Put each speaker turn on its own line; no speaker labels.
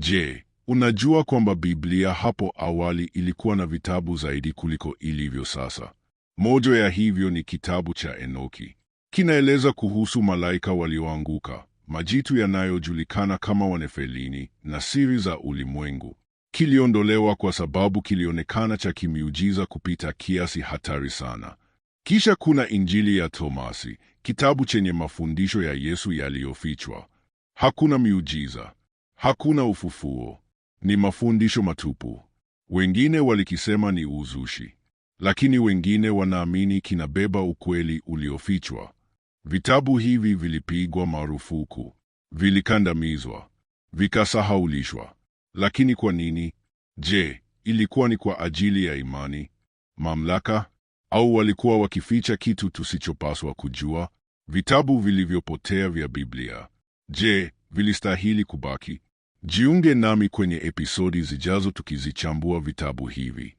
Je, unajua kwamba Biblia hapo awali ilikuwa na vitabu zaidi kuliko ilivyo sasa? Moja ya hivyo ni kitabu cha Enoki. Kinaeleza kuhusu malaika walioanguka, majitu yanayojulikana kama wanefelini na siri za ulimwengu. Kiliondolewa kwa sababu kilionekana cha kimiujiza kupita kiasi, hatari sana. Kisha kuna Injili ya Tomasi, kitabu chenye mafundisho ya Yesu yaliyofichwa. Hakuna miujiza, Hakuna ufufuo, ni mafundisho matupu. Wengine walikisema ni uzushi, lakini wengine wanaamini kinabeba ukweli uliofichwa. Vitabu hivi vilipigwa marufuku, vilikandamizwa, vikasahaulishwa. Lakini kwa nini? Je, ilikuwa ni kwa ajili ya imani, mamlaka, au walikuwa wakificha kitu tusichopaswa kujua? Vitabu vilivyopotea vya Biblia, je, vilistahili kubaki? Jiunge nami kwenye episodi zijazo tukizichambua vitabu hivi.